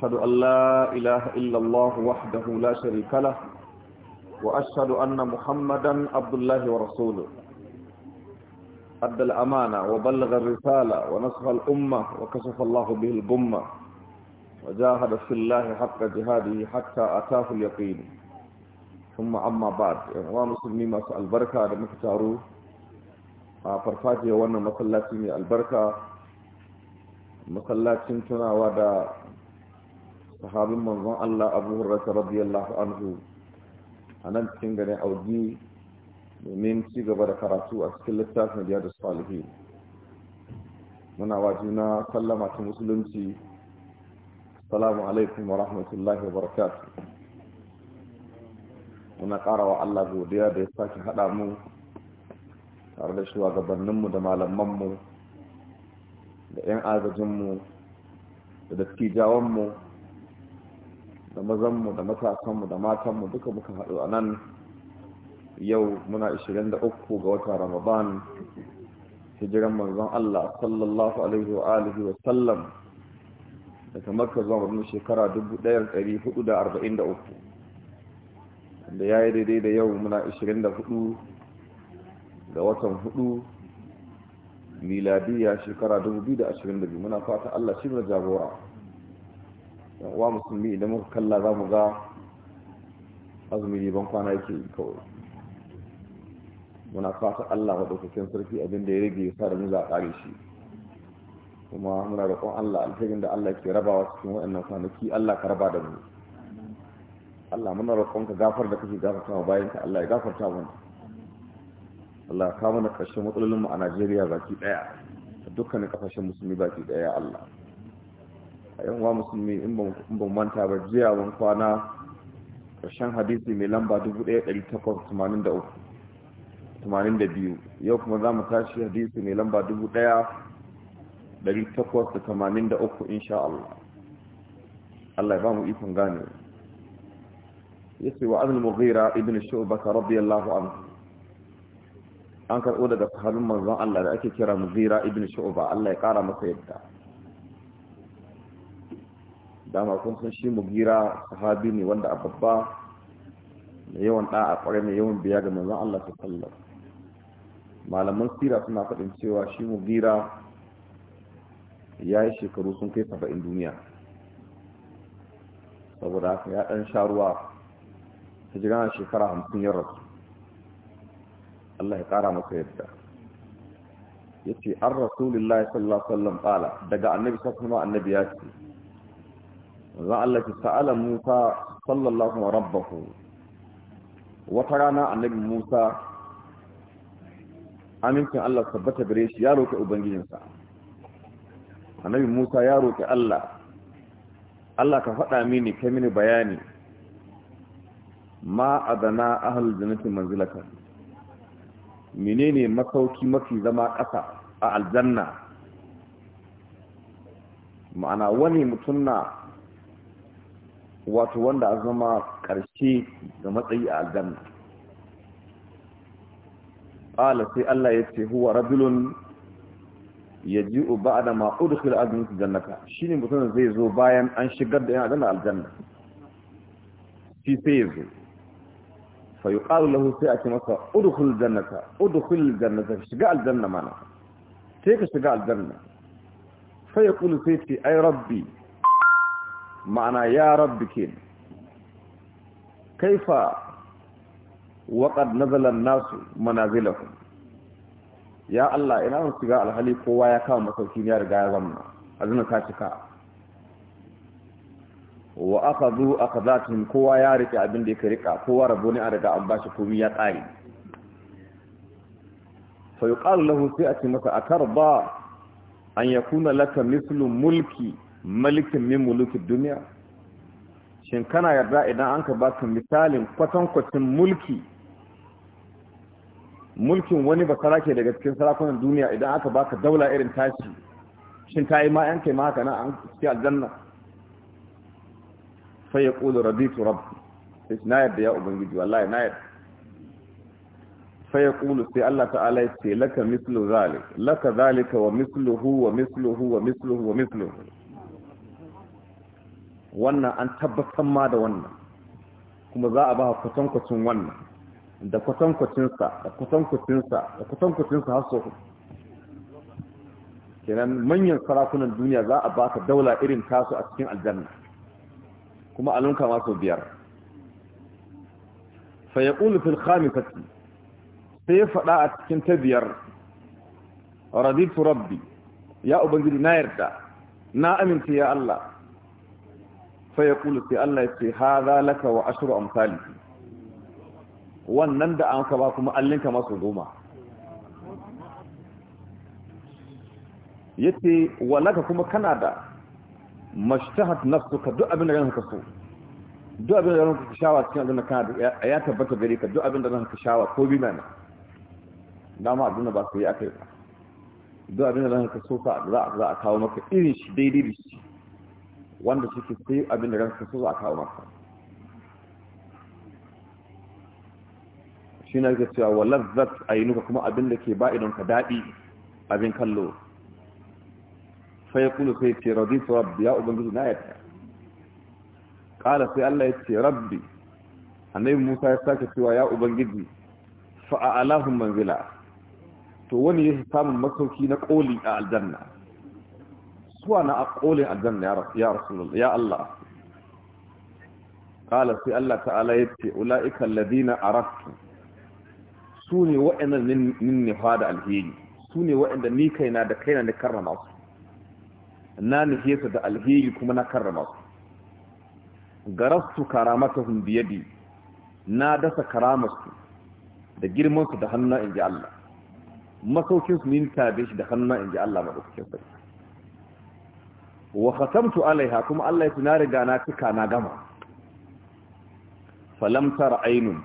أشهد أن لا إله إلا الله وحده لا شريك له وأشهد أن محمدا عبد الله ورسوله أدى الأمانة وبلغ الرسالة ونصح الأمة وكشف الله به الغمة وجاهد في الله حق جهاده حتى أتاه اليقين ثم أما بعد إخوان مسلمين مساء البركة لمكتارو فرفاتي وانا مسلاتي البركة مسلاتي تناوى sahabin manzon Allah Abu Hurairah radiyallahu anhu anan cikin garin auji domin ci gaba da karatu a cikin littafin da Salihin muna wa juna sallama ta musulunci assalamu alaikum wa rahmatullahi wa muna ƙara wa Allah godiya da ya sake haɗa mu tare da shugabanninmu da malamanmu da 'yan agajinmu da dattijawanmu da mazanmu da matasanmu da matanmu duka muka haɗu a nan yau muna 23 ga wata ramadan hijiran manzon Allah sallallahu alaihi wa alihi wa sallam daga makka zuwa wani shekara 1443 da ya yi daidai da yau muna 24 ga watan 4 miladiya shekara 2022 muna fata Allah shi na jagora Wa musulmi idan muka kalla za mu ga azumi ban kwana yake yi kawai muna fata Allah wa ɗaukakin sarki abin da ya rage ya sa da mu za a ƙare shi kuma muna roƙon Allah alkhairin da Allah ke rabawa cikin waɗannan kwanaki Allah ka raba da mu Allah muna roƙon ka gafar da kake gafarta wa bayan ka Allah ya gafarta mana Allah ka mana ƙarshen matsalolin mu a Najeriya baki ɗaya dukkanin ƙasashen musulmi baki ɗaya Allah a yan wa musulmi in ban manta ba jiya wani kwana ƙarshen hadisi mai lamba 1883 yau kuma za mu tashi hadisi mai lamba 1883 insha Allah Allah ya ba mu ikon gane ya ce wa azal mughira ibn shu'bah radiyallahu anhu an karɓo daga sahabin manzon Allah da ake kira mughira ibn shu'bah Allah ya ƙara masa yadda dama kun san shi mugira sahabi ne wanda a babba mai yawan ɗa'a kwarai mai yawan biya ga manzon Allah sallar malaman sira suna faɗin cewa shi mugira ya yi shekaru sun kai saba'in duniya saboda haka ya ɗan sha ruwa ji hijira shekara hamsin ya rasu Allah ya ƙara masa yadda ya ce an ya sallallahu alaihi wasallam ƙala daga annabi sallallahu annabi ya ce za Allah ki sa'ala Musa sallallahu wa rabbahu wata rana annabi Musa amincin Allah tabbata gare shi ya roƙi ubangijinsa annabi Musa ya roƙi Allah Allah ka faɗa mini kai mini bayani ma adana ahal jannati manzilatan menene makauki mafi zama ƙasa a aljanna ma'ana wani mutum na wato wanda a zama karshe ga matsayi a aljanna ƙala sai Allah ya ce huwa rajulun ya ji uba da ma'udu fil azumin su jannata shi ne mutum zai zo bayan an shigar da yan aljanna aljanna shi sai ya zo fa yi ƙaru lahu sai a ce masa udukul jannata udukul jannata shiga aljanna mana sai ka shiga aljanna fa kulu sai ce ai rabbi ma'ana ya rabbi ke kaifa waƙad nazalan nasu manazilahu ya Allah ina sun shiga alhali kowa ya kama masauki ya riga ya a azina ta cika wa aka zo aka zatin kowa ya rike abin da ya rika kowa rabu ne a riga an bashi komi ya tsari fa yuqalu lahu sai a ce masa karba. an yakuna laka mislu mulki malikin min mulukin duniya shin kana yarda idan an ka baka misalin kwatankwacin mulki mulkin wani ba ke daga cikin sarakunan duniya idan aka baka daula irin tashi shin ta yi ma yan kai ma haka na an ci aljanna sai ya ƙulu rabitu rabbi sai na yarda ya ubangiji wallahi na yarda sai ya ƙulu sai Allah ta'ala ya ce laka mislu zalik laka zalika wa misluhu wa misluhu wa misluhu wa misluhu wannan an tabbatar ma da wannan kuma za a ba kwatankwacin wannan da kwatankwacinsa da kwatankwacinsa da kwatankwacinsa har sau kenan manyan sarakunan duniya za a baka daula irin tasu a cikin aljanna kuma alunka ma sau biyar fa ya ƙulu fil khamisati sai ya faɗa a cikin ta biyar raditu rabbi ya ubangiji na yarda na amince ya Allah sai ya kulu sai Allah ya ce haza laka wa ashru amsali wannan da an ka ba kuma allinka masu goma yace walaka kuma kana da mashtahat ka duk abin da ka so duk abin da ka shawa cikin abin da kana da ya tabbata gare ka duk abin da ka shawa ko bi mana dama abin da ba sai akai ba duk abin da ka so ka za a kawo maka irin shi daidai da shi wanda suke sai abin da su so a kawo maka shi na cewa wa lazzat ainuka kuma abin da ke idan ka daɗi abin kallo sai ya kulu sai ce rabbi rabbi ya ubangiji na yadda ƙala sai Allah ya ce rabbi annabi Musa ya sake cewa ya ubangiji fa a'alahum manzila to wani ya samun masauki na ƙoli a aljanna suwa na akolin aljanna ya rasulullah ya Allah Ƙala sai Allah ta'ala ya ce, yace ulaika alladhina Su ne wa'inan min nifada alheri Su sune wa'anda ni kaina da kaina na karrama su na nufe su da alheri kuma na karrama su garastu karamatahum biyadi na dasa karamarsu da girmansu da hannu in ji Allah masaukinsu ni tabe shi da hannu in ji Allah madaukakin sarki wa khatamtu alaiha kuma Allah ya tuna riga na cika na gama falam tara ainun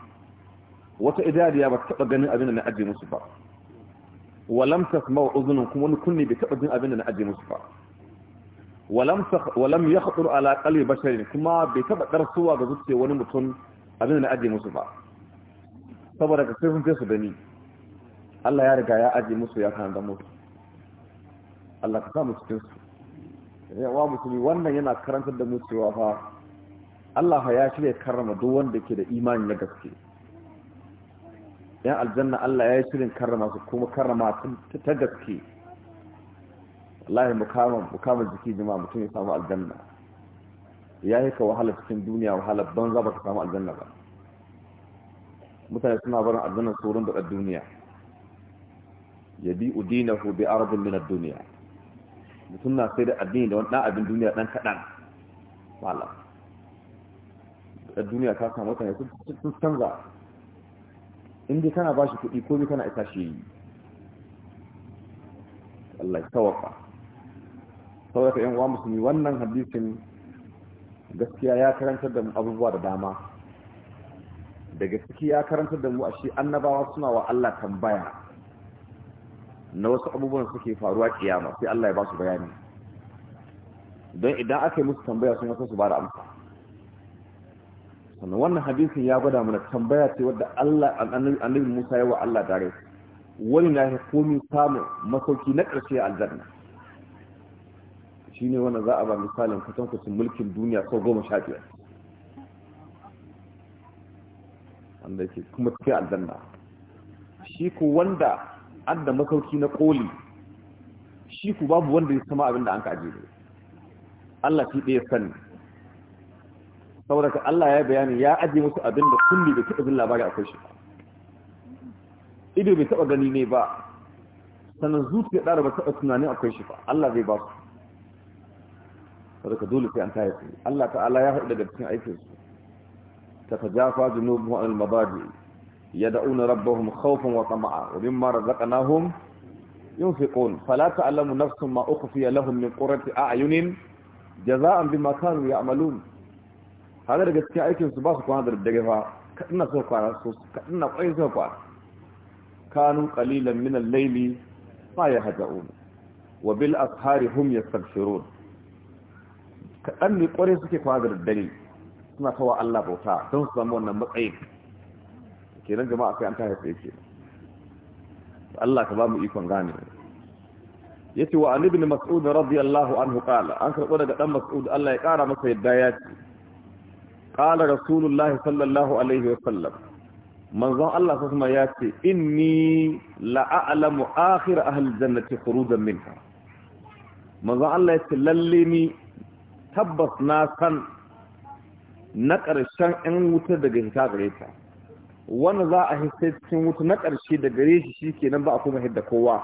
wata idariya ba taba ganin abin da na aje musu ba walam tasma'u uzunun kuma wani kunni bai taba jin abin da na aje musu ba walam walam yakhtur ala qalbi basharin kuma bai taba darsuwa ga zuciyar wani mutum abin da na aje musu ba saboda ka sai sun fi su gani Allah ya riga ya aje musu ya kan da musu Allah ka sa mu cikin su yawa musulmi wannan yana karantar da mu cewa fa Allah ya shirya karrama duk wanda ke da imani na gaske yan aljanna Allah ya yi shirin karrama su kuma karrama ta gaske wallahi mukamin mukamin jiki jima mutum ya samu aljanna ya yi ka wahala cikin duniya wahala za ba ka samu aljanna ba mutane suna barin aljanna sauran da duniya ya bi udinahu bi arabin min ad-dunya mutum na sai da addini da wani abin duniya ɗan kaɗan wala da duniya ta samu mutane sun canza inda kana ba shi kuɗi ko bi kana isa shi yi Allah ya tawaka saboda yan uwa musulmi wannan hadisin gaskiya ya karantar da mu abubuwa da dama daga gaskiya ya karantar da mu a shi annabawa suna wa Allah tambaya na wasu abubuwan suke faruwa kiyama sai Allah ya ba su bayani don idan aka yi musu tambaya sun wasu su ba da amsa sannan wannan hadisin ya gwada mana tambaya ce wadda Allah annabi Musa ya wa Allah dare wani na ya komi samun masauki na ƙarshe aljanna shine wannan za a ba misalin kwatankwacin mulkin duniya sau goma sha biyar wanda yake kuma cikin aljanna shi ko wanda adda makauki na koli shi ku babu wanda ya sama abin da an ka ajiye ne Allah shi ɗaya sani saboda ka Allah ya bayani ya ajiye musu abin da kulli da taɓa jin labari akwai shi ido bai taɓa gani ne ba sannan zuciya ɗara ba taɓa tunanin akwai shi ba Allah zai ba su saboda dole sai an taya su Allah ta'ala ya haɗu daga cikin aikinsu ta tajafa junubu al-mabadi yad'una rabbahum na wa tama'a wa mimma razaqnahum yunfiqun fala ta'lamu nafsun ma ukhfiya lahum min qurrati a'yunin jaza'an bima kanu ya'malun hada daga cikin aikin su ba su kwana daga fa kadina so kwana so kadina kwai so kwa kanu qalilan min al-layli fa yahza'un wa bil asharihum hum yastaghfirun kaɗan ne kwari suke kwana da daddare. suna kawa Allah bauta don su samu wannan matsayin. kenan jama'a kai an ta haife kenan Allah ka ba mu ikon gane yace wa ibn mas'ud radiyallahu anhu qala an karbo daga dan mas'ud Allah ya kara masa yadda ya ce qala rasulullah sallallahu alaihi wa sallam manzon Allah sasma ya ce inni la'alamu akhir ahli jannati khurujan minha manzon Allah ya ce lalle ni tabbas na san na ƙarshen 'yan wuta daga hita gare ta wanda za a hisse cikin wuta na ƙarshe da gare shi shi kenan ba a kuma hidda kowa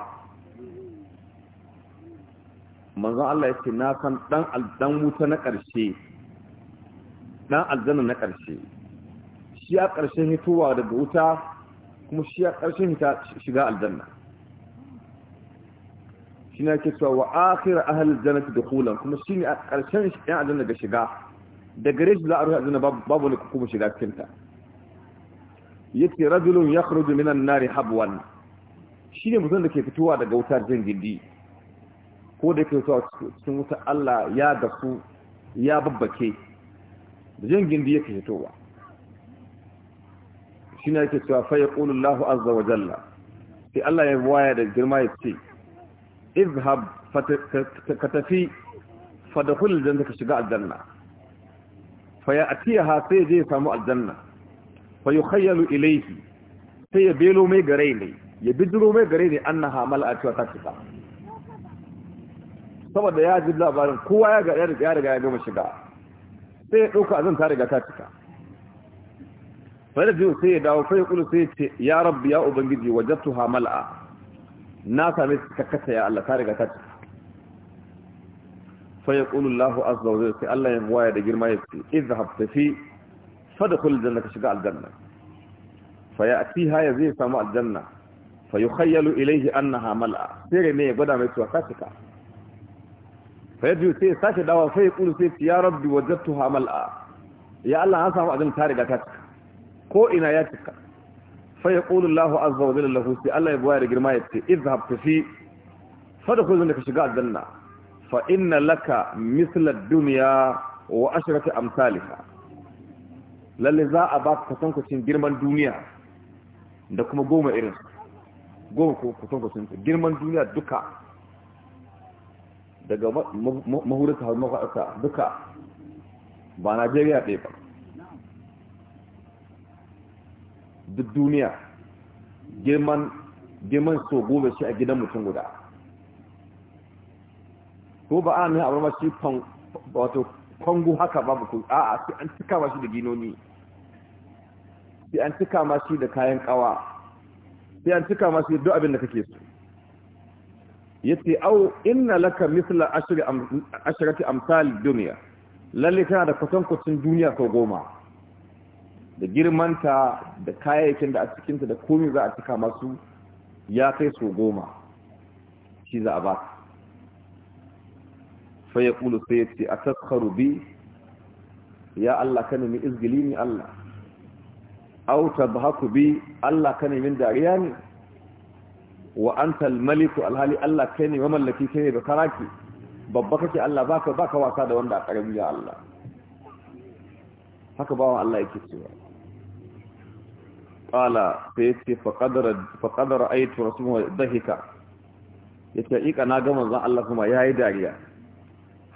manzan Allah ya ce na san ɗan aljan wuta na ƙarshe ɗan aljanar na ƙarshe shi a ƙarshen hitowa daga wuta kuma shi a ƙarshen hita shiga aljanna shi na ke cewa wa akhir ahal jannati dukhulan kuma shi ne a ƙarshen yan aljanna ga shiga da gare shi za a rufe aljanna babu ne kuma shiga cikin yake rajulun kharuju minan nari habwan shine mutum da ke fitowa daga wuta jin gindi ko da ke so cikin wuta Allah ya su ya babbake da jin gindi yake fitowa shine yake cewa fa yaqulu Allah azza wa jalla sai Allah ya waya da girma ya ce izhab ka tafi fadkhul jannata ka shiga aljanna fa ya'tiha sai je samu aljanna fa yukhayyalu ilayhi sai ya belo mai gare ne ya bidiro mai gare ne annaha a wa tafika saboda ya ji labarin kowa ya ga ya riga ya gama shiga sai ya dauka a ta riga ta cika fa da jiyo sai ya dawo fa ya kulu sai ya ce ya rabbi ya ubangiji wajadtuha mal'a na same ta kakkata ya Allah ta riga ta cika fa ya kulu Allahu azza wa jalla sai Allah ya buwaya da girma ya ce izhab tafi fadkhul janna ka shiga aljanna fa ya'tiha ya zai samu aljanna fa yukhayyalu ilayhi annaha mal'a sai ne ya gwada mai tuwa ka cika fa yaji sai sake dawa sai ya kulu sai ya rabbi wajadtuha mal'a ya Allah an samu aljanna ta riga ta cika ko ina ya cika fa yaqulu Allahu azza wa jalla lahu sai Allah ya bayar girma ya ce izhab fi fadkhul janna ka shiga aljanna fa inna laka mithla ad-dunya wa ashratu amsalha lalle za a ba kusan kusankucin girman duniya da kuma goma irin goma kusankucin girman duniya duka daga mahurita har mafaɗarsa duka ba najeriya ɗaya ba duk duniya girman girman so goma shi a gidan mutum guda ko ba a ne a wato kwangu haka babu ku a sai an cika ba shi da ginoni sai an tuka ma da kayan kawa sai an tuka ma duk abin da kake so yace au inna laka mithla ashri ashrati amsal dunya lalle kana da kusan duniya sau goma da girmanta da kayayyakin da a cikin ta da komai za a cika masu ya kai sau goma shi za a ba fa ya ƙulu sai ya ce a bi ya Allah ka mi izgili ni Allah auta ba haku bi Allah ka min dariya ne wa an talmaliku alhali Allah kai ne mamallaki kai ne da karaki babba kake Allah baka baka wasa da wanda a ƙarami ya Allah haka bawan Allah yake cewa qala sai ce fa qadara fa qadara aytu rasuluhu dhahika yace ika na ga manzon Allah kuma yayi dariya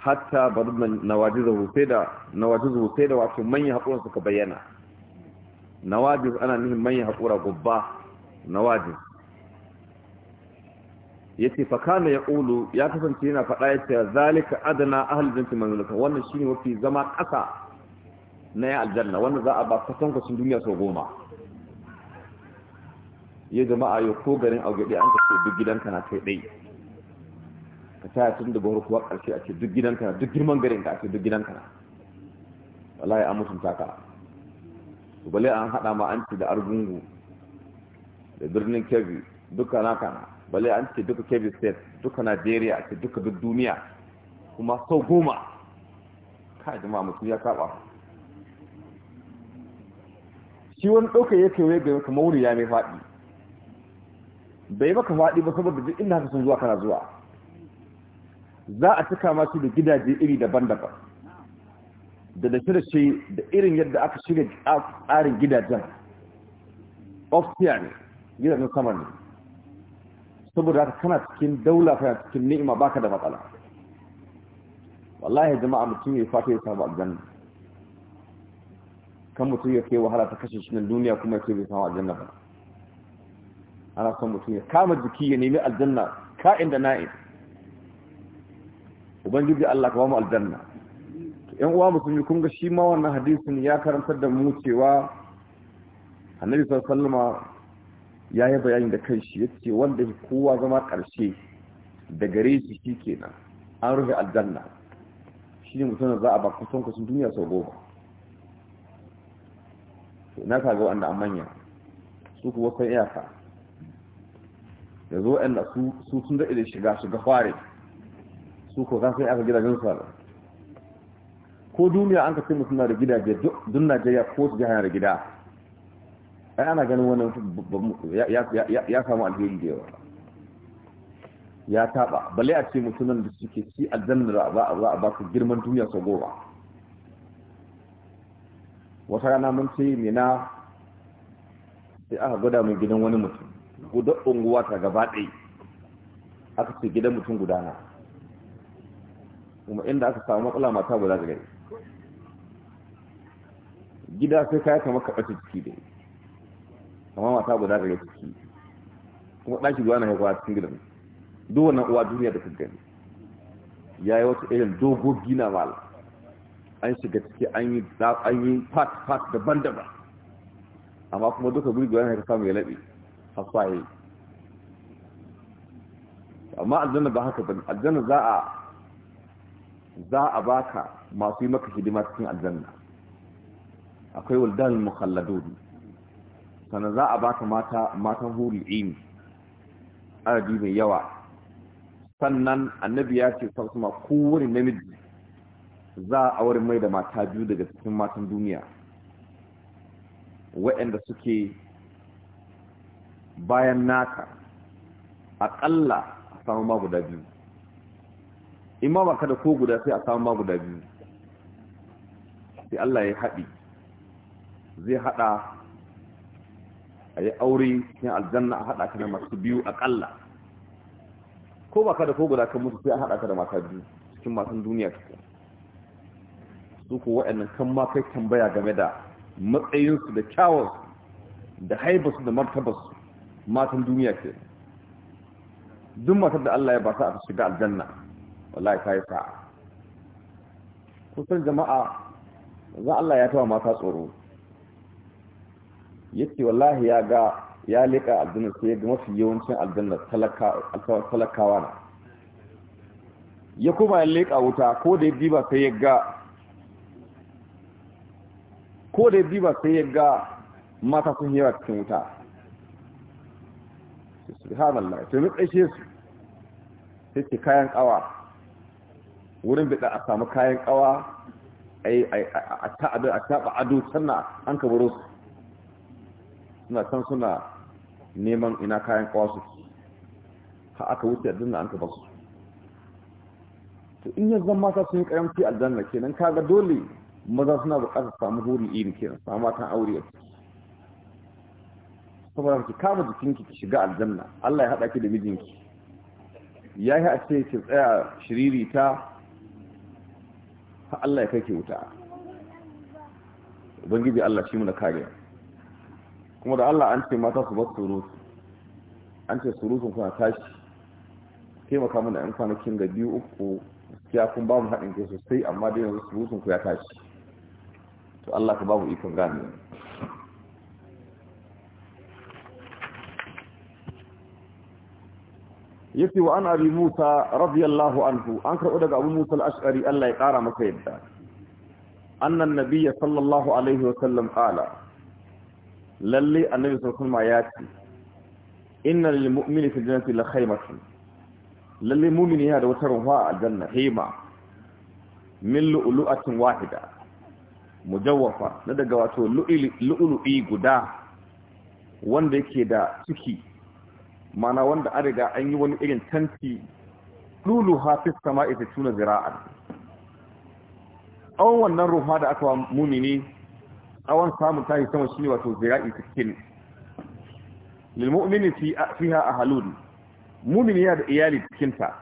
hatta barman nawajizu sai da nawajizu sai da wato manyan hakuran suka bayyana nawajis ana nihin manyan haƙura gubba nawajis ya ce fakana ya ƙulu ya kasance yana faɗa ya ce zalika adana ahal jinsi manzulaka wannan shi ne mafi zama ƙasa na ya aljanna wanda za a ba kasan kwacin duniya sau goma ya jama'a yau ko garin augaɗe an ka duk gidanka na kai ɗai ka taya tun da gwamnati kuwa ƙarshe a ce duk gidanka na duk girman garin ka a ce duk gidanka na wallahi an mutunta ka to bale an hada ma an ci da argungu da birnin kebbi duka na kana bale an ce duka kebbi state duka nigeria ce duka duk duniya kuma sau goma kai jama'a mutum ya kaba shi wani ɗauka ya kewaye ga yaka mauri ya mai faɗi bai maka faɗi ba saboda duk inda haka sun zuwa kana zuwa za a cika masu da gidaje iri daban-daban da da shirce da irin yadda aka shirya tsarin gidajen oftiya ne gidajen sama ne saboda haka kana cikin daula kana cikin ni'ima baka da matsala wallahi jama'a mutum ya fata ya samu aljanna kan mutum ya kai wahala ta kashe shi na duniya kuma ya ce bai samu aljanna ba ana son mutum ya kama jiki ya nemi aljanna ka'in da na'in ubangiji Allah ka ba mu aljanna yan uwa musulmi kun ga shi ma wannan hadisin ya karantar da mu cewa annabi sallama ya yi bayani da shi ya ce wanda kowa zama karshe da gare shi shi kenan an rufe aljanna shi ne mutum da za a ba kusan kusan duniya sau goma na kaga wanda an manya su kuwa kan iyaka da zo su sun da ilin shiga shiga fare su kuwa kan sai aka gidajen su ko duniya an ka ce mutum na da gidaje duk Najeriya ko su jihar da gida ai ana ganin wannan ya samu alheri da yawa ya taba balle a ce mutumin da suke ci aljanna za a za a ba su girman duniya sau goma wata rana mun ce mina sai aka gwada mai gidan wani mutum guda unguwa ta gaba ɗaya aka ce gidan mutum gudana kuma inda aka samu matsala mata guda gare gida sai kaya yaka maka ɓata ciki da amma mata guda gare ciki kuma ɗaki guda na haihuwa cikin gidan duk uwa duniya da gani ya yi wata irin dogo gina mal an shiga ciki an yi an yi part part daban-daban amma kuma duka guri guda na haihuwa samu ya laɓe yi. amma aljanna ba haka ba aljanna za a za a baka masu yi maka hidima cikin aljanna akwai wuldan mukhalladun sannan za a baka mata matan huri ini adadi mai yawa sannan annabi ya ce sau kuma kowane namiji za a aure mai da mata biyu daga cikin matan duniya waɗanda suke bayan naka aƙalla a samu ma guda biyu Imma ba baka da ko guda sai a samu ma guda biyu sai Allah ya haɗi zai haɗa a yi aure cikin aljanna a haɗa ka da masu biyu aƙalla ko baka da ko guda kan mutu sai a haɗa ka da mata biyu cikin matan duniya cikin su ko waɗannan kan ma kai tambaya game da matsayinsu da kyawar da haibarsu da martabarsu matan duniya ke duk matar da Allah ya ba ta a shiga aljanna wallahi ta yi sa'a kusan jama'a za Allah ya tawa mata tsoro yake wallahi ya ga ya leƙa aljanna sai ga mafi yawancin aljanna talakawa na ya kuma ya leƙa wuta ko da ya diba sai ya ga ko da ya diba sai ya ga mata sun yawa cikin wuta subhanallah to mu tsaye su sai kayan kawa wurin bida a samu kayan kawa a taɓa ado suna an ka su suna can suna neman ina kayan kawa su ha aka wuce aljanna an ka su to in yanzu mata sun yi karamci aljanna kenan kaga dole maza suna buƙatar samu huri iri kenan samu matan aure a saboda ki kama jikinki ki shiga aljanna Allah ya haɗa ki da mijinki ya yi a ce ki tsaya shiriri ta ha Allah ya kake wuta ubangiji Allah shi muna kariya kuma da Allah an ce mata su bar surutu an ce surutun kuna tashi taimaka mana yan kwanakin da biyu uku ya kun ba mu haɗin kai sosai amma dai yanzu surutun ku ya tashi to Allah ka ba mu ikon gane yace wa an abi musa radiyallahu anhu an karɓo daga abu musa al-ash'ari Allah ya ƙara masa yadda annan nabiyya sallallahu alaihi wa sallam qala lalle annabi sallallahu alaihi ya ce inna lil mu'mini fil jannati la khaymatan lalle mu'mini yana da wata ruwa a aljanna hima min lu'lu'atin wahida mujawwafa na daga wato lu'lu'i guda wanda yake da ciki mana wanda an riga an yi wani irin tanti lulu hafiz kama ita tuna zira'a tsawon wannan ruha da aka wa mumini tsawon samun yi sama shi ne wato zira'i cikin lilmu'mini fiha ahalun mumini yana da iyali cikinta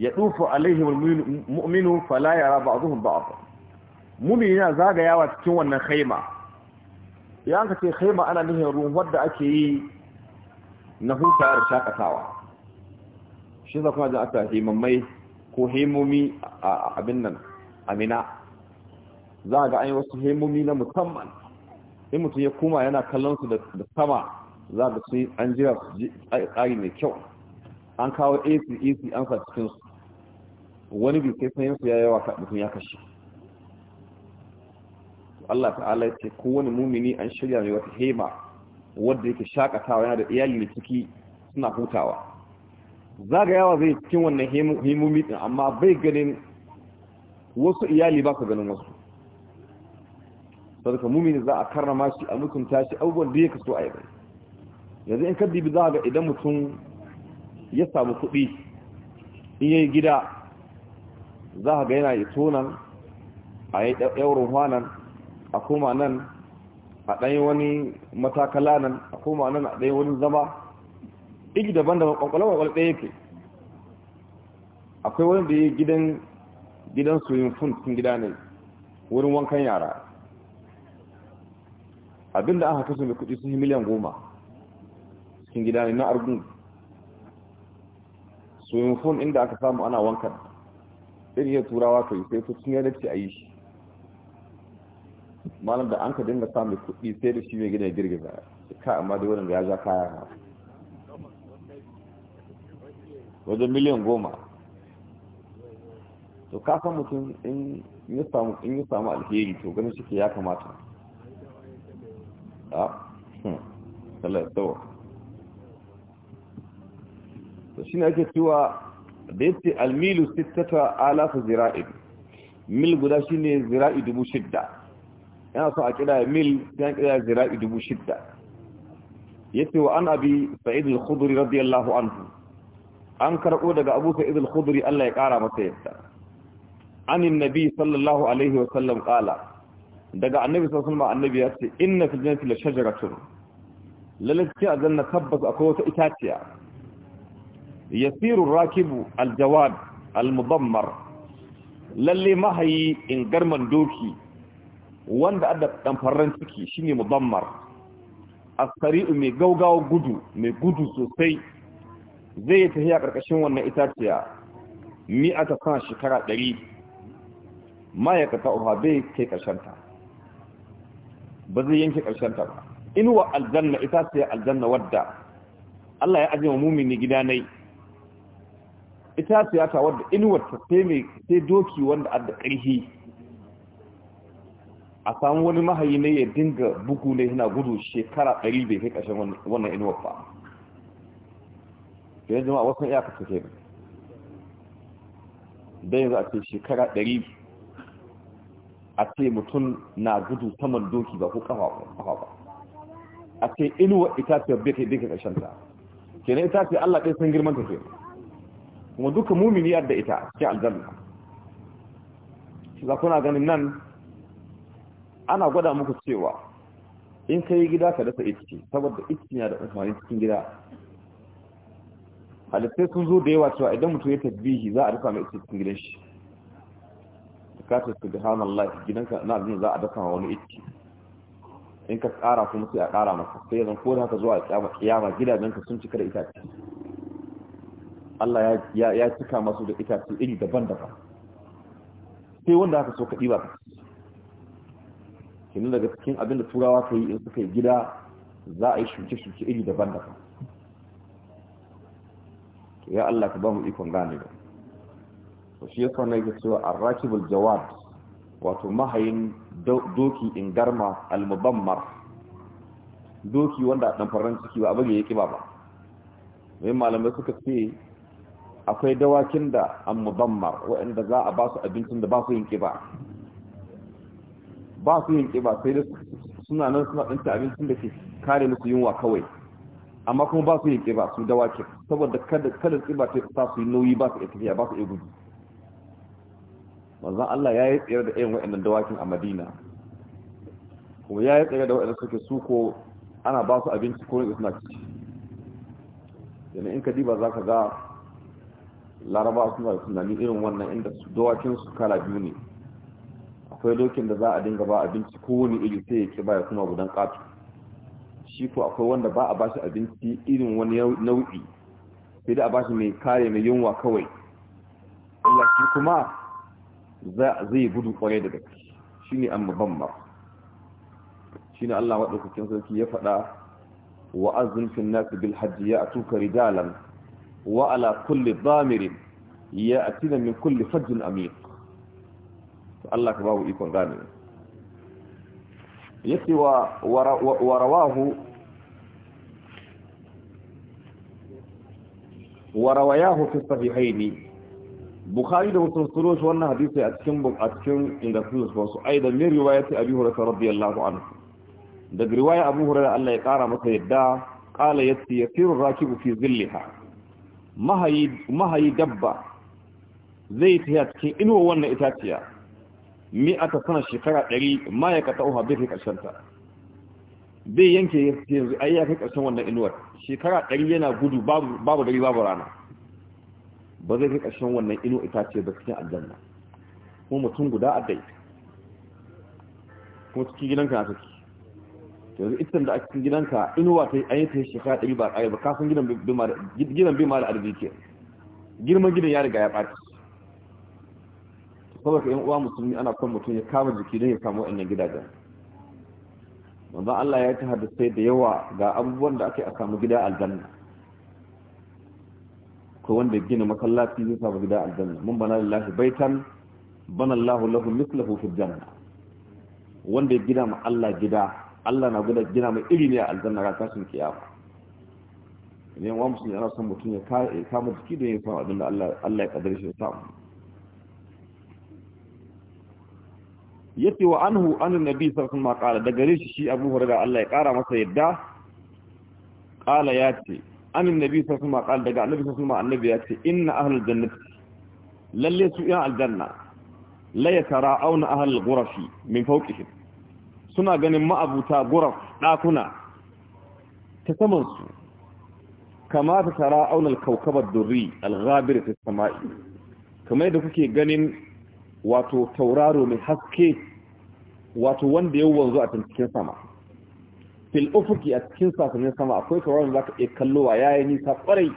ya alaihi wal mu'minu fala yara ba'dhum ba'd mumini yana zagayawa cikin wannan khaima ya an ce khaima ana nihin ruwan wadda ake yi na huta da shakatawa shi za kuma da aka himammai ko himomi a abin nan amina za a ga an yi wasu himomi na musamman in mutum ya kuma yana kallon su da sama za ga sun an jira su tsari mai kyau an kawo ac e an sa su wani bi sai sanyin su ya yawa mutum ya kashe Allah ta'ala ya ce kowane mumini an shirya mai wata hema wadda yake shakatawa yana da iyali da ciki suna hutawa yawa zai cikin wannan himomi din amma bai ganin wasu iyali ba su ganin wasu sadaka mumini za a karrama shi a mutunta shi abubuwan da ya so a yanzu in ka dibi za ga idan mutum ya samu kuɗi in yayi gida za ga yana yi tonan a yi ɗaurin hwanan a koma nan a ɗanyi wani matakala nan a koma nan a ɗanyi wani zama iji daban daban ƙwanƙwalon ƙwanƙwal ɗaya yake akwai wani da ya gidan gidan soyin fun cikin gida ne wurin wankan yara abinda an haka su mai kudi sun yi miliyan goma cikin gida ne na argun suyin fun inda aka samu ana wankan ɗin iya turawa ka yi sai su cikin yadda ce a yi shi malam da an ka dinga samun kuɗi sai da shi mai gina girgiza ka amma da wurin ya ja kaya wajen miliyan goma to kasan mutum in yi samu alheri to ganin shi ya kamata ah, hmm. a salatsawa to shi ne ake cewa da yake almilu sittata alafu zira'id mil guda shi ne zira'i dubu shidda yana son a kira mil yan kira zira'i dubu shidda Ya ce wa an abi sa'id al-khudri radiyallahu anhu an karɓo daga abu sa'id al-khudri Allah ya ƙara masa yadda anin nabi sallallahu alaihi wa sallam qala daga annabi sallallahu alaihi annabi ya ce inna fil jannati la shajaratun lalati azanna tabbas a kowace itaciya yasiru rakibu aljawad almubammar. al-mudammar lalle mahayi in garman doki wanda adda ɗanfarren ciki shine mudammar asari'u mai gaugawa gudu mai gudu sosai zai yi tafiya ƙarƙashin wannan itaciya mi aka sana shekara ɗari ma'aikata uha bai kai ƙarshenta ba zai yanke ƙarshenta ba inuwa aljanna itaciya aljanna wadda Allah ya ajiye mumini gida nai itaciya ta wadda inuwar ta sai doki wanda adda ƙarfi a samu wani mahayi ne ya dinga bugu ne yana gudu shekara ɗari bai kai ƙarshen wannan inuwar ba da jama'a wasu iyaka su ke da yanzu a ce shekara ɗari a ce mutum na gudu saman doki ba ko ƙafa ba a ce inuwar itaciyar bai kai bai ta ke ta ita ce allah ɗaya sun girman ta ke kuma duka mumini yadda ita cikin aljanna shi za kuna ganin nan ana gwada muku cewa in ka yi gida ka dasa itci saboda ita na da amfani cikin gida halittai sun zo da yawa cewa idan mutum ya tabbihi za a dafa mai itci cikin gidan shi ka ta su bihan Allah gidanka na abin za a dafa wani ita. in ka tsara kuma sai a kara masa sai zan ko da haka zuwa kiyama kiyama gidajenka sun cika da itace Allah ya cika masu da itace iri daban-daban sai wanda haka so ka ɗiba ka kenan daga cikin abin da turawa ka yi in suka yi gida za a yi shuke-shuke iri daban-daban ya Allah ka ba mu ikon gane ba to shi yasa na yi cewa rakibul jawad wato mahayin doki in garma mar? doki wanda dan faran ciki ba abin ya kiba ba mai malamai suka ce akwai dawakin da an mubammar waɗanda za a ba su abincin da ba su yin kiba ba su yin ƙiba sai da suna nan suna ɗinta abincin da ke kare musu yunwa kawai amma kuma ba su yin ƙiba su da wake saboda kada kada ƙiba ta sa su yi nauyi ba su iya tafiya ba su iya gudu manzon Allah ya yi tsayar da irin waɗannan dawakin a Madina kuma ya yi tsayar da waɗanda suke suko ana ba su abinci ko ne suna ci yana in ka diba za ka ga laraba suna da tunani irin wannan inda dawakin su kala biyu ne akwai dokin da za a dinga ba abinci kowane iri sai ya ke ya kuma gudan ƙato shi ko akwai wanda ba a ba shi abinci irin wani nau'i sai da a ba shi mai kare mai yunwa kawai Allah shi kuma zai gudu kwarai daga gaske shi ne an babban ma shi ne Allah maɗaukakin sarki ya faɗa wa azin fin nasu bil hajji ya a tuka rijalan wa ala kulli zamirin ya a tina min kulli fajjin amir Allah ka babu ikon gane yake wa warawahu warawayahu fi sahihaini bukhari da muslim sun rawaito wannan hadisi a cikin a cikin inda sun su aidan min riwayati abi hurairah radiyallahu anhu da riwaya abu hurairah Allah ya kara masa yadda qala yati yasiru rakibu fi zilliha mahayi mahayi dabba zai tiya cikin inuwa wannan itaciya mi aka sana shekara ɗari ma ya kata uha bai kai ƙarshen ta bai yanke yanzu ai ya kai ƙarshen wannan inuwar shekara ɗari yana gudu babu dari babu rana ba zai kai ƙarshen wannan ita itace ba cikin aljanna kuma mutum guda a dai kuma cikin gidanka na saki yanzu itan da a cikin gidanka inuwa ta an yi ta shekara ɗari ba ƙare ba kasan gidan bai ma da arziki girman gidan ya riga ya ɓaci saboda yan uwa musulmi ana son mutum ya kama jiki don ya samu wa'annan gidajen wanda Allah ya ta haddasa da yawa ga abubuwan da ake a samu gida aljanna ko wanda gina masallaci zai samu gida aljanna mun bana lillahi baitan bana Allahu lahu mithluhu fi janna wanda ya gina ma Allah gida Allah na gida gina mai iri ne a aljanna ga tashin kiyama ne wa musulmi ana son mutum ya kama jiki don ya samu abin da Allah Allah ya kaddare shi ya samu yace wa anhu anan nabi sallallahu alaihi wasallam daga gare shi shi Abu Hurairah Allah ya kara masa yadda qala yace anan nabi sallallahu alaihi wasallam daga annabi sallallahu alaihi wasallam annabi yace inna ahlul jannati lalle su ya aljanna la yatara'una ahlul ghurafi min fawqihim suna ganin ma'abuta ghuraf dakuna ta saman su kama ta tara'una al-kawkab ad-durri al fi samai kamar da kuke ganin wato tauraro mai haske wato wanda ya wanzu a cikin sama fil ufuki a cikin sasannin sama akwai tauraron da ka iya kallowa yayi nisa kwarai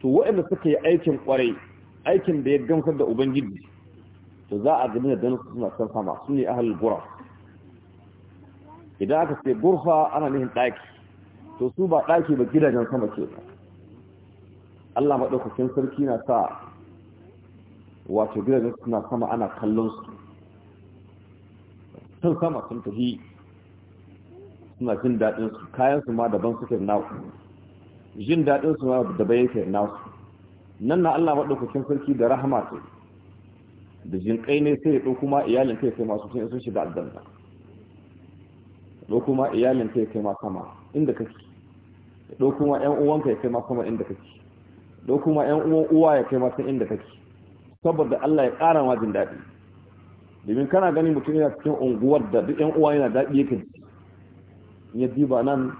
to waɗanda suka yi aikin kwarai aikin da ya gamsar da ubangiji to za a gani da dan suna san sama sune ahal gura idan aka ce gurfa ana nihin ɗaki to su ba ɗaki ba gidajen sama ke Allah madaukakin sarki na sa wato gidajen suna sama ana kallon su sun sama sun tafi suna jin daɗin su kayan su ma daban suke naku jin daɗin su ma daban yake nasu nan na Allah ɗaukakin sarki da rahama ce da jin kai ne sai ya ɗauko ma iyalin kai sai masu sun shiga aljanna ɗauko ma iyalin kai kai ma sama inda kake ɗauko ma ƴan uwanka ya kai ma sama inda kake ɗauko ma ƴan uwan uwa ya kai ma san inda kake saboda Allah ya ƙara ma jin daɗi domin kana gani mutum yana cikin unguwar da duk 'yan uwa yana daɗi yake in ya diba nan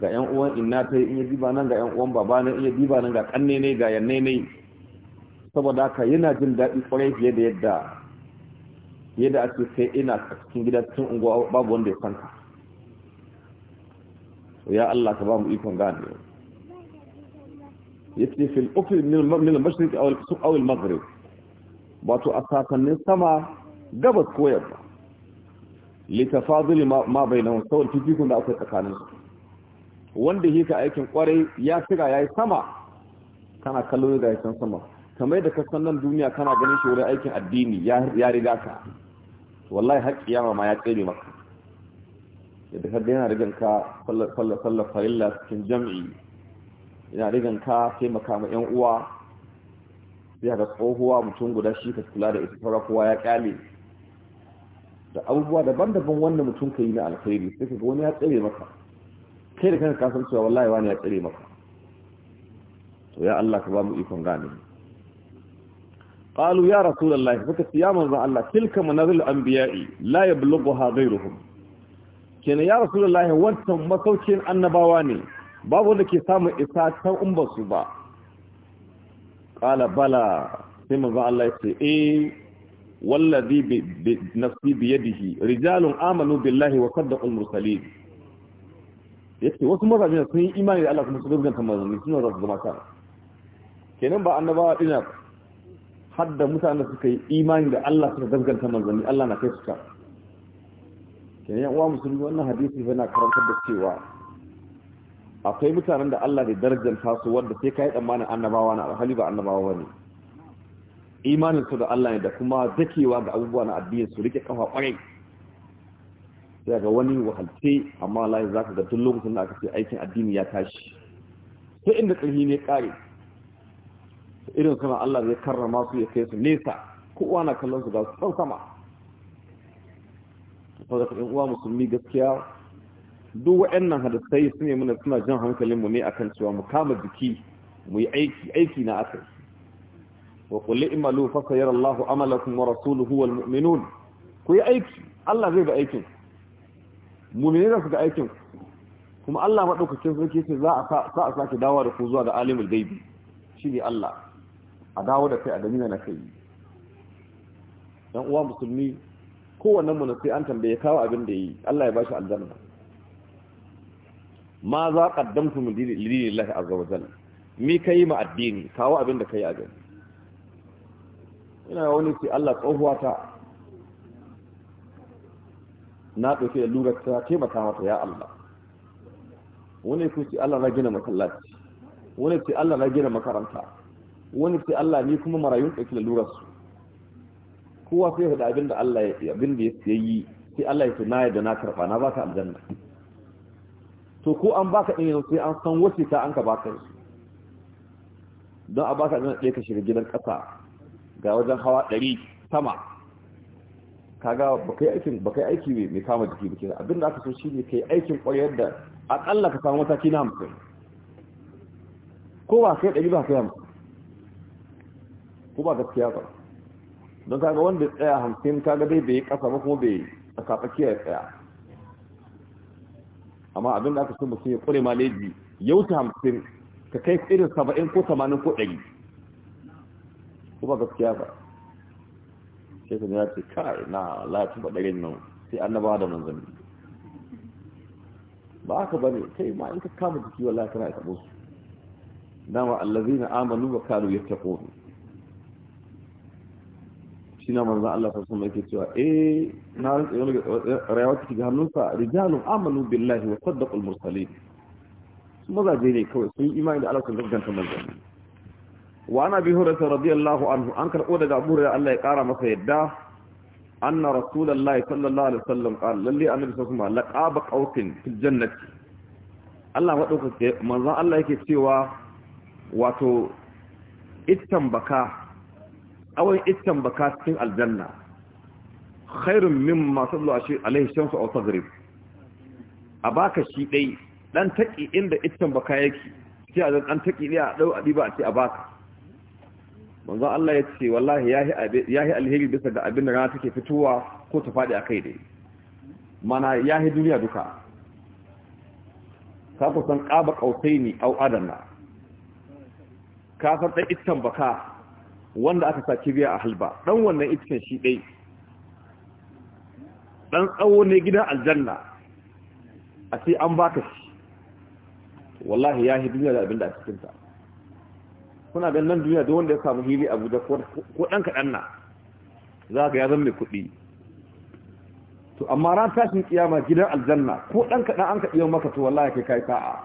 ga 'yan uwan inna ta in ya diba nan ga 'yan uwan baba ne in ya diba nan ga ƙanne ne ga yanne ne saboda haka yana jin daɗi kwarai fiye da yadda fiye da ake sai ina cikin gida cikin unguwa babu wanda ya sanka ya Allah ka ba mu ikon gane yace fil ufil min al-mashriq aw al-maghrib wato a sakannin sama gabas ko yamma litafadili ma bainahum saboda fifikun da akwai tsakanin su wanda yi ka aikin kwarai ya shiga ya yi sama kana kallon da yakin sama kamar da san nan duniya kana ganin shi wurin aikin addini ya riga ka wallahi haƙƙi ya ma ya tsere maka yadda ka yana rigan ka sallar farilla cikin jam'i yana rigan ka taimaka ma yan uwa sai ga tsohuwa mutum guda shi ka kula da ita fara kowa ya kyale da abubuwa daban-daban wanda mutum ka yi na alkhairi sai ka ga wani ya tsare maka kai da kanka ka san cewa wallahi wani ya tsare maka to ya Allah ka ba mu ikon gane qalu ya rasulullahi suka ce ya manzo Allah tilka manazil anbiya'i la yablughuha ghayruhum kenan ya rasulullahi wannan masaukin annabawa ne babu wanda ke samun isa ta umbar su ba qala bala sai manzo Allah ya ce eh wallazi bi nafsi bi yadihi rijalun amanu billahi wa saddaqu al-mursalin yace wasu mazaje sun yi imani da Allah kuma sun gaskata manzanni sun rasu zama kana kenan ba annabawa dina hadda mutane suka yi imani da Allah suka gaskata manzanni Allah na kai su ka kenan wa musulmi wannan hadisi yana karantar da cewa akwai mutanen da Allah da darajanta tasu wanda sai ka yi tsammanin annabawa na alhali ba annabawa ne imanin su da Allah ne da kuma zakewa ga abubuwa na addinin su rike kafa kwarai sai ga wani wahalce amma Allah za ka ga duk lokacin da aka ce aikin addini ya tashi sai inda kirhi ne ƙare irin suna Allah zai karrama su ya kai su nesa uwa na kallon su ga san sama saboda uwa musulmi gaskiya duk wa'annan hadisai su ne muna suna jan hankalinmu ne akan cewa mu kama jiki mu yi aiki aiki na akai wa kulli imalu fa sayara Allah amalakum wa rasuluhu wal mu'minun ku yi aiki Allah zai ga aikin mu'mini za su ga aikin kuma Allah madaukakin sarki yace za a sa a sake dawo da ku zuwa ga alimul gaibi shine Allah a dawo da kai a gani na kai dan uwa musulmi kowannen mu sai an tambaye kawo abin da yi Allah ya bashi aljanna ma za qaddamtu min dinillahi azza wa jalla mi kai ma addini kawo abin da kai a gani ina wani ce Allah tsohuwa ta na ɗauke da lura ta taimaka mata ya Allah wani ku ce Allah na gina masallaci wani ce Allah na gina makaranta wani ce Allah ni kuma marayun ɗauke da lura su kowa sai ya abin da Allah ya abin da ya yi sai Allah ya ce na yadda na karɓa na baka aljanna to ko an baka ɗin yau sai an san wace ta an ka baka don a baka ɗin ɗaya ka shiga gidan ƙasa ga wajen hawa ɗari sama kaga ba kai aikin aiki mai kama jiki ba kenan abinda aka so shine kai aikin ƙwayar da aƙalla ka samu mataki na hamsin ko ba kai ɗari ba kai hamsin ko ba gaskiya ba don kaga wanda tsaya hamsin kaga dai bai yi ƙasa ba kuma bai tsaka tsakiya ya tsaya amma abin da aka so mutum ya kure ma laifi yau ta hamsin ka kai irin saba'in ko tamanin ko ɗari ko ba gaskiya ba sai ka ya ce kai na lati ba ɗarin nan sai annabawa da manzan ba aka ba ne kai ma in ka kama jiki wallahi kana ya taɓo su dama na amanu wa taɓo yattaqun shi na manzan Allah sassan mai yake cewa eh na ga eh, rayuwa ta shiga hannunsa rijalun amanu billahi wa saddaqul mursalin su mazaje ne kawai sun yi imani da Allah sun danganta manzan wa ana bi hurata radiyallahu anhu an karbo daga abu da Allah ya kara masa yadda anna rasulullahi sallallahu alaihi wasallam qala lalli annabi sallallahu alaihi wasallam laqaba qautin fil jannati Allah madaukake manzan Allah yake cewa wato ittan baka awai iskan baka cikin aljanna khairun mimma sallu alaihi shamsu aw tagrib a baka shi dai dan taki inda iskan baka yake sai a dan taki ne a dau a diba a ce a baka manzo Allah ya ce wallahi yahi yahi alheri bisa ga abin da rana take fitowa ko ta fadi akai dai mana yahi duniya duka ka kusan qaba qautaini aw adana ka san ta iskan baka wanda aka sa kibiya a halba dan wannan iskan shi dai dan tsawo ne gidan aljanna a sai an baka shi wallahi ya yi duniya da abinda a cikinta kuna ganin nan duniya da wanda ya samu hili abuja ko ɗan kaɗan na za ka ya zan mai kuɗi to amma ran tashin kiyama gidan aljanna ko ɗan kaɗan an kaɗi maka to wallahi kai kai sa'a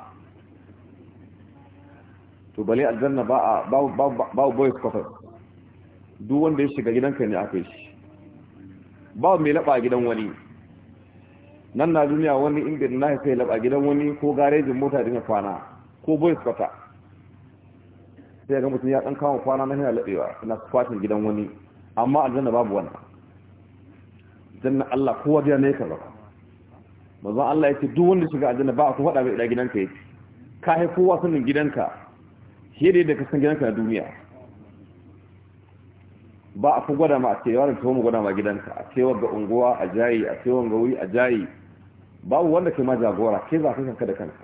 to bale aljanna ba a babu boys quarters duk wanda ya shiga gidanka ne aka shi ba mai laba gidan wani nan na duniya wani inda na ya laba gidan wani ko garejin mota din kwana ko boys kwata sai ga mutum ya dan kawo kwana na hina labewa na kwatin gidan wani amma aljanna babu wani. janna Allah kowa na ne kaza zan Allah ya ce duk wanda shiga aljanna ba ku faɗa mai gidanka ya ce ka haifowa kowa gidanka shi da ka san gidanka na duniya ba a fi gwada ma a ce da tuho mu gwada ma gidanka a ce ga unguwa a jayi a ce wanga wuri a jayi babu wanda ke ma jagora ke za ka kanka da kanka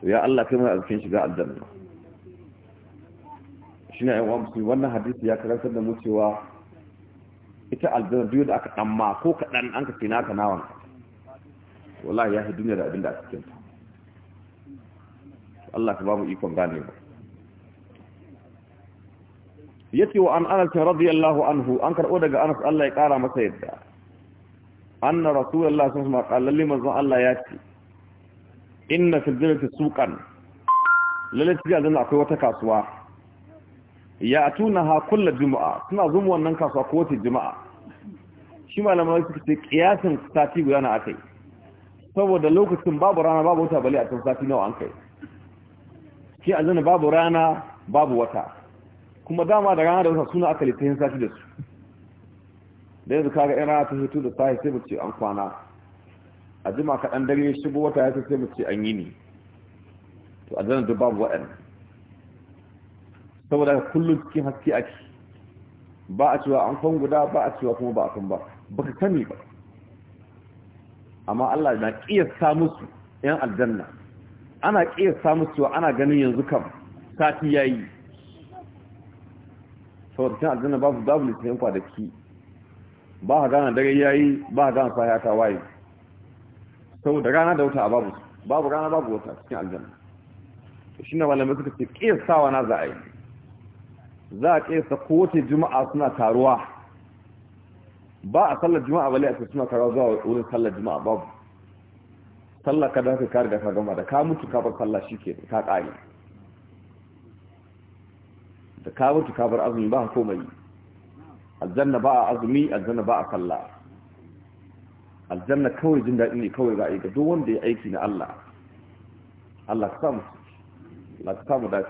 to ya Allah kai mana azkin shiga aljanna shi ne ayyuka musulmi wannan hadisi ya karantar da mu cewa ita aljanna duk da aka amma ko kaɗan an ka fina ka nawan wallahi ya hi duniya da abin da aka kinta Allah ka ba mu ikon gane mu yace wa an anas radiyallahu anhu an karbo daga anas Allah ya kara masa yadda anna rasulullahi sallallahu alaihi wasallam qala manzon Allah ya ce inna fil jannati suqan lalle cikin aljanna akwai wata kasuwa ya atunaha kullu juma'a suna zuwa wannan kasuwa ko wace juma'a shi malamai suka ce kiyasin sati guda na akai saboda lokacin babu rana babu wata bale a cikin sati nawa an kai shi aljanna babu rana babu wata kuma dama da rana da wata suna aka yin sati da su da yanzu kaga yana ta hito da sahi sai mace an kwana a jima kaɗan dare shigo wata ya sai mace an yi ne to a zanen duk babu waɗanda saboda kullum cikin haske ake ba a cewa an kwan guda ba a cewa kuma ba a kan ba ba ka sani ba amma Allah na ƙiyasta musu ‘yan aljanna ana ƙiyasta musu cewa ana ganin yanzu kam sati ya yi saboda cikin aljanna babu babu littafin kwanaki ba a gana dare yayi ba a gana kwaya ta waye da rana da wuta a babu babu rana babu wata cikin aljanna shi ne malamai suka ce ƙesawa na za a yi za a ƙesa kowace juma'a suna taruwa ba a sallar juma'a bale a ce suna taruwa zuwa wurin sallar juma'a babu sallar ka dafa ka riga ka gama da ka mutu ka bar sallah shi ke ka ƙare da ka ka bar azumi ba komai aljanna ba a azumi aljanna ba a aljanna kawai jin daɗi ne kawai za a yi ga duk wanda ya aiki na Allah Allah ka samu la ka samu da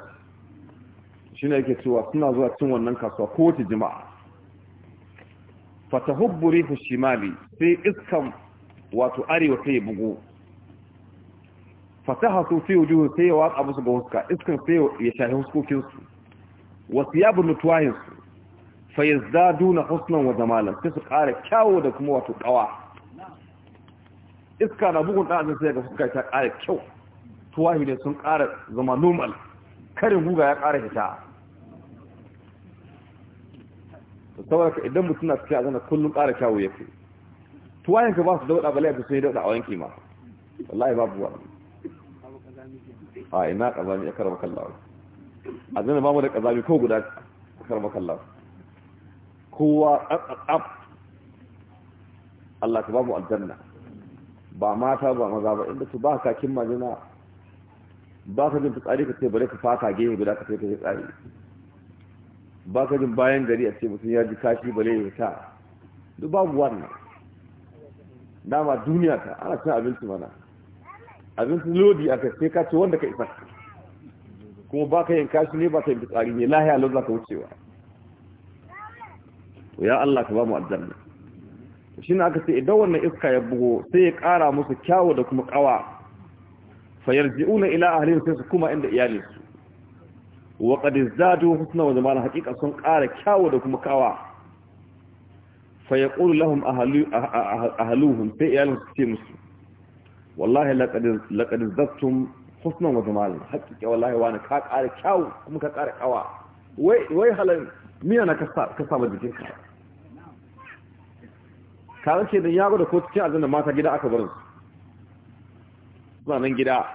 shi ne yake cewa suna zuwa cin wannan kasuwa ko jama'a. jima'a fatahubbu rihu shimali sai iskan wato arewa sai bugu fataha su sai wujuhu sai ya watsa musu ga huska iskan sai ya shahi su Wasu siyabu mutuwahin su fa yazdaduna husnan wa jamalan sai su ƙara kyawo da kuma wato ƙawa iska na bugun ɗan sai ga fuska ta ƙara kyau tuwahi ne sun ƙara zama normal karin guga ya ƙara fita saboda ka idan mutum na cikin azana kullum ƙara kyawo ya fi tuwahin ka ba su dauɗa balai da sun yi dauɗa a wanki ma wallahi babu wa a ina ƙazami ya karba kallawa a zina ba mu da kazami ko guda karba kallon kowa tsatsatsaf Allah ka ba mu aljanna ba mata ba maza ba inda su ba kakin majina ba ka jin fitsari ka ce bare ka fata gehe guda ka ce ka tsari ba ka jin bayan gari a ce mutum ya ji kashi bare ya ta duk babu wannan dama duniya ta ana cin abinci mana abincin lodi aka ce ka ce wanda ka isa kuma ba ka yanka shi ne ba ka yin fitsari ne lahi a za ka wucewa to ya Allah ka ba mu aljanna shi ne aka ce idan wannan iska ya bugo sai ya kara musu kyawu da kuma kawa fayar ji'una ila ahalin sai su kuma inda iyalinsu wa qad zadu husna wa zamana haqiqa sun kara kyawu da kuma kawa fayaqulu lahum ahlu ahluhum sai iyalinsu ce musu wallahi laqad laqad zattum husnan wa jamalin haƙiƙa wallahi wani ka ƙara kyawu kuma ka ƙara kawa wai halin miya na ka samu jikin ka ka rake da yaro da kotu ko cikin aljanna mata gida aka barin suna nan gida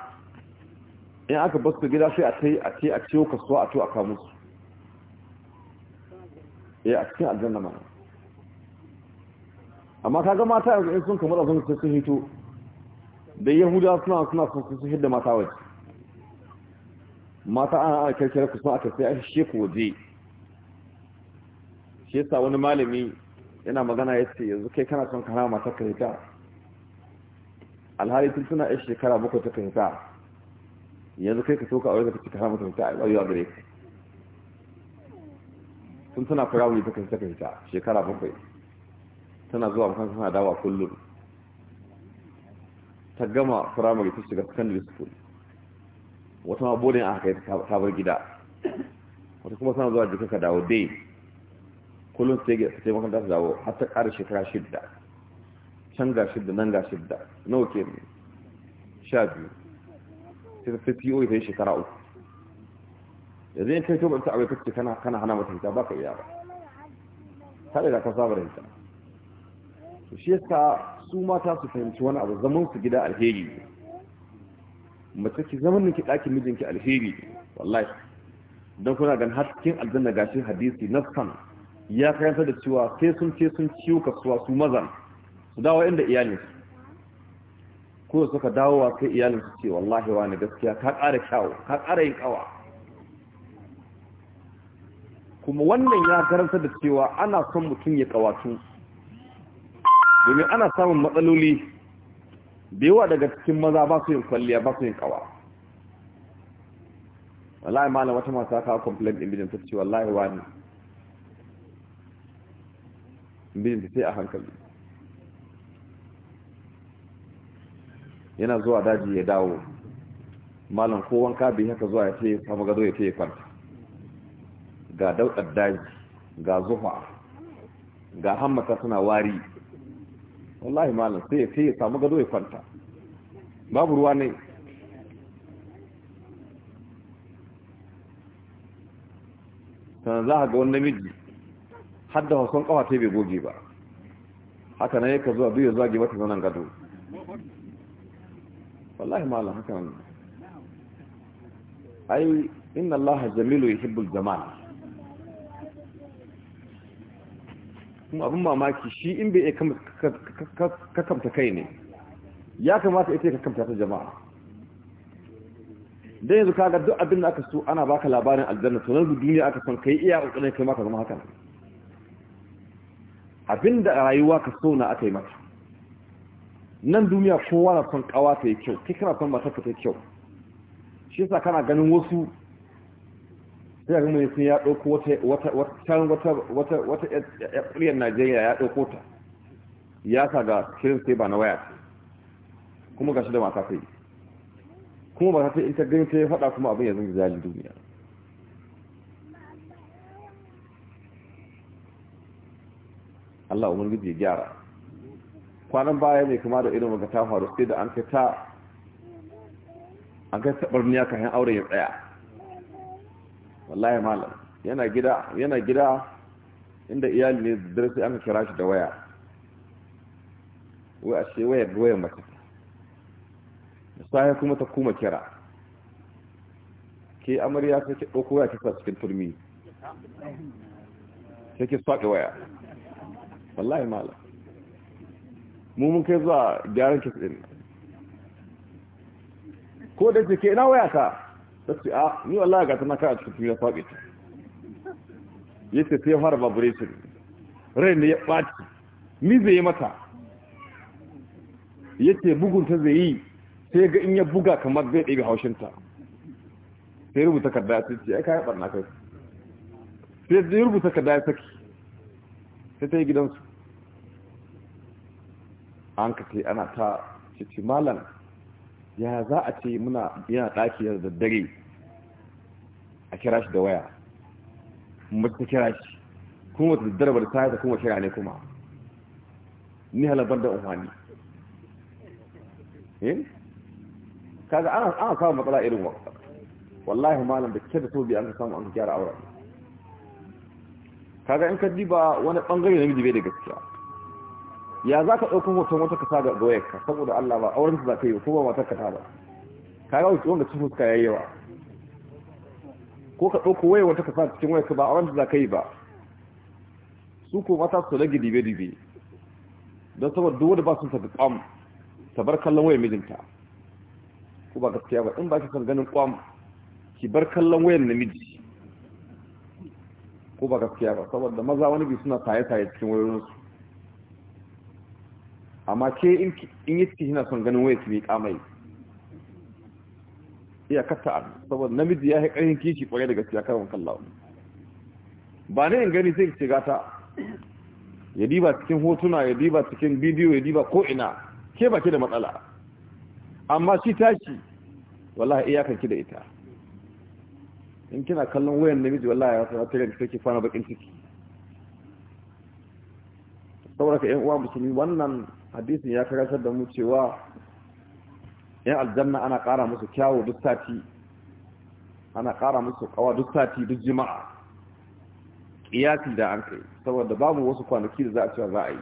in aka basu gida sai a tai a ce a ciwo kasuwa a to a kamun su ya eh, a cikin aljanna mana amma kaga mata yanzu in sun kamar a sai sun hito da yahudawa suna suna sun hidda mata waje mata ana ana kyarkyar kusa aka sai aka shi waje shi yasa wani malami yana magana ya ce yanzu kai kana son kana mata ka alhali tun suna yan shekara bakwai ta ka yanzu kai ka so ka aure ka ci kana mata hita a yau gare ka tun suna firawuni ta kai shekara bakwai tana zuwa kan tana dawa kullum ta gama firamare ta shiga secondary school wata ma bodin aka kai ta kabar gida wata kuma sana zuwa jikinka dawo dai kullum sai ga sai makaranta ta dawo har ta ƙara shekara shidda can ga shidda nan ga shidda nawa ke ne sha biyu sai ta po ta yi shekara uku yanzu in kai to ta abai kacce kana kana hana mata hita ka iya ba ta da ka saba da hita to shi yasa su mata su fahimci wani abu zaman su gida alheri ne mace ki zaman ki ɗakin mijinki alheri wallahi don kuna gan cikin aljanna gashi hadisi na san ya karanta da cewa sai sun ce sun ciwo kasuwa su mazan su dawo inda iyali. ko suka kai sai su ce wallahi wani gaskiya ka ƙara kyawo ka ƙara yin ƙawa kuma wannan ya karanta da cewa ana son mutum ya kawatu domin ana samun matsaloli da daga cikin maza ba su yin kwalliya ba su yin kawa wallahi malam wata mata haka complain din bijin ta ce wallahi wani bijin ta sai a hankali yana zuwa daji ya dawo malam kowon kabi haka zuwa ya ce kama gado ya ce ya kwanta ga daukar daji ga zuwa ga hammata suna wari wallahi malam sai sai ya samu gado ya kwanta babu ruwa ne sannan za ga wani namiji har da hausar kawa ta bai goge ba haka na ka zuwa duk zuwa gaba ta zanen gado wallahi malam haka nan ai inna allaha jamilu yuhibbul jamal kuma abin mamaki shi in bai iya kakamta kai ne ya kamata ita ya kakamta ta jama'a dan yanzu kaga duk abin da aka so ana baka labarin aljanna to nan duniya aka san kai iya kokarin kai maka zama haka abin da rayuwa ka so na aka yi mata nan duniya kowa na son kawa ta yi kyau kai kana son mata ta kyau shi yasa kana ganin wasu sai ga mai sun ya ɗauko wata wata wata ƙuryar najeriya ya ɗauko ta ya sa ga shirin sai ba na waya ce kuma shi da mata sai kuma ba ta ta ta gani ta ya faɗa kuma abin ya zan zali duniya Allah gizi ya gyara kwanan baya mai kama da irin wata ta faru sai da an kai ta an kai taɓar niyaka kayan auren ya tsaya wallahi malam yana gida yana gida inda iyali ne da sai an kira shi da waya wai a ce wayar wayar mace sai kuma ta kuma kira ke amarya ta ke ɗauko waya kisa cikin turmi sai ke saƙi waya wallahi malam mu mun kai zuwa gyaran kisa ɗin ko da ke ina waya ka ta ce a ah, ni wallahi ga tana ka a cikin fira faɗi ta ya ce sai fara vibration rai ne ya ɓaci ni zai yi mata ya ce bugun ta zai yi sai ga in ya buga kamar zai ɗaya haushinta sai rubuta kada ya ce ya kayan ɓarna kai sai zai rubuta kada ya saki sai ta yi gidansu an ka ce ana ta ce malam ya za a ce muna yana ɗaki da daddare a kira shi da waya mace ta kira shi kuma ta daddara da kayan ta kuma kira ne kuma ni halabar da umarni eh? kaga ana samun matsala irin wakar wallahi malam da ke da tobi an ka samu an gyara aure kaga in ka diba wani bangare na miji bai da gaskiya ya za ka ɗaukun hoton wata kasa ga goyarka saboda allah ba auren ta za ka yi ko ba matar ka ta ba kaga wata wanda cikin fuska ya yi yawa ko ka ɗauko wayewar wata ka sa cikin waya ka ba a wanda za ka yi ba su ko mata su rage dibe-dibe don saboda duk wanda ba su tafi kwam ta bar kallon waya mijinta ko ba gaskiya ba in ba ki son ganin kwam ki bar kallon wayan namiji ko ba gaskiya ba saboda maza wani bi suna saye-saye cikin wayoyinsu amma ke in yi ciki yana son ganin waya su mai kamai iya katta saboda namiji ya yi ƙarfin kishi ƙwarai daga gaskiya karon kallawa ba ne in gani zai ce gata ya diba cikin hotuna ya diba cikin bidiyo ya diba ko'ina ke ba da matsala amma shi tashi wallahi iyakan ki da ita in kina kallon wayan namiji wallahi ya tsara tare da take fana bakin ciki saboda ka yan uwa musulmi wannan hadisin ya karasar da mu cewa yan aljanna ana ƙara musu kyawu duk sati ana ƙara musu ƙawa duk sati duk jima'a ƙiyasi da an kai saboda babu wasu kwanaki da za a cewa za a yi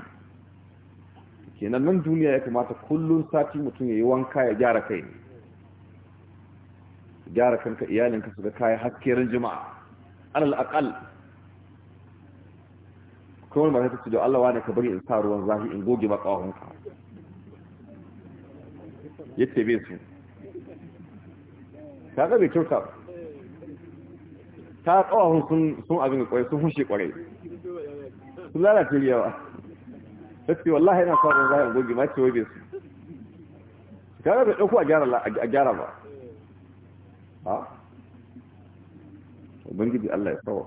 kenan nan duniya ya kamata kullum sati mutum ya yi wanka ya gyara kai ne gyara kanka iyalinka su ga kaya haskeren jima'a alal aqal kuma mata ta ce da Allah ne ka bari in sa ruwan zafi in goge makawahunka ya tabe su ta ga bai kyauta ba ta kawahun sun abin kwarai sun hushe kwarai sun lalace yawa ta ce wallahi yana sa ɗan zahar gogi ma ce wabe su ta ga bai ɗauko a gyara ba ha ubangiji allah ya sauwa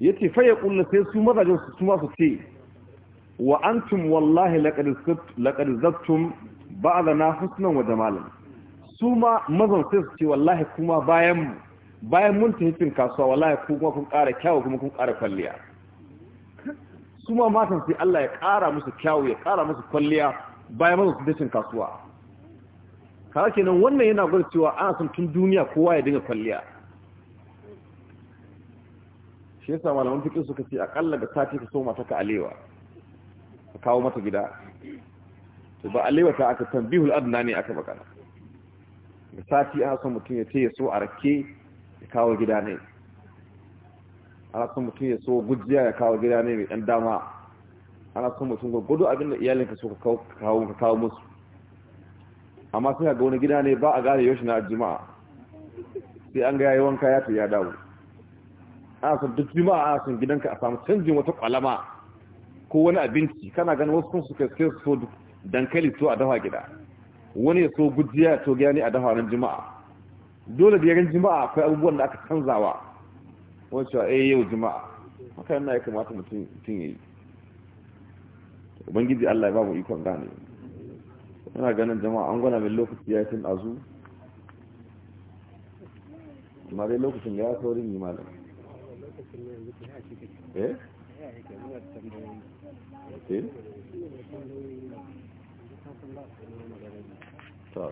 yace fa ya kulla sai su mazajen su su masu ce wa antum wallahi laqad laqad zattum na husnan wa jamalan su ma mazan sai su ce wallahi kuma bayan bayan mun tafi kasuwa wallahi ku kuma kun ƙara kyawu kuma kun ƙara kwalliya su ma matan sai Allah ya ƙara musu kyawu ya ƙara musu kwalliya bayan mazan su tafi kasuwa kaga kenan wannan yana gwada cewa ana son tun duniya kowa ya dinga kwalliya shi yasa malaman fikin suka ce akalla da sati ka so mata ka alewa ka kawo mata gida to ba alewa ta aka tambihul adna ne aka magana da sati aka son mutum ya ce ya so a rake ya kawo gida ne ana son mutum ya so gujiya ya kawo gida ne mai dan dama ana son mutum gudu abinda ka so ka kawo musu amma sai ga wani gida ne ba a gane yau shi na juma'a sai an ga yayi wanka ya ta ya dawo a san duk jima'a a san gidanka a samu canjin wata kwalama ko wani abinci kana ganin wasu sun suka sai so dankali to a dafa gida wani ya so gujiya to gida ne a dafa ran jima'a dole da yaren jima'a akwai abubuwan da aka canzawa wani cewa eh yau jima'a haka yana ya kamata mutum mutum yi ubangiji Allah ya ba mu ikon gane yana ganin jama'a an gwana mai lokaci ya yi tun azu amma dai lokacin ya saurin yi malam إيه؟ إيه؟ طيب.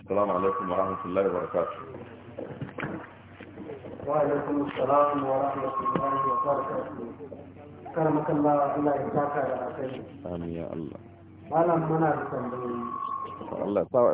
السلام عليكم ورحمة الله وبركاته وعليكم السلام ورحمة الله وبركاته كرمك الله إلى إنساك يا أخي آمين يا الله malam muna da tambayoyi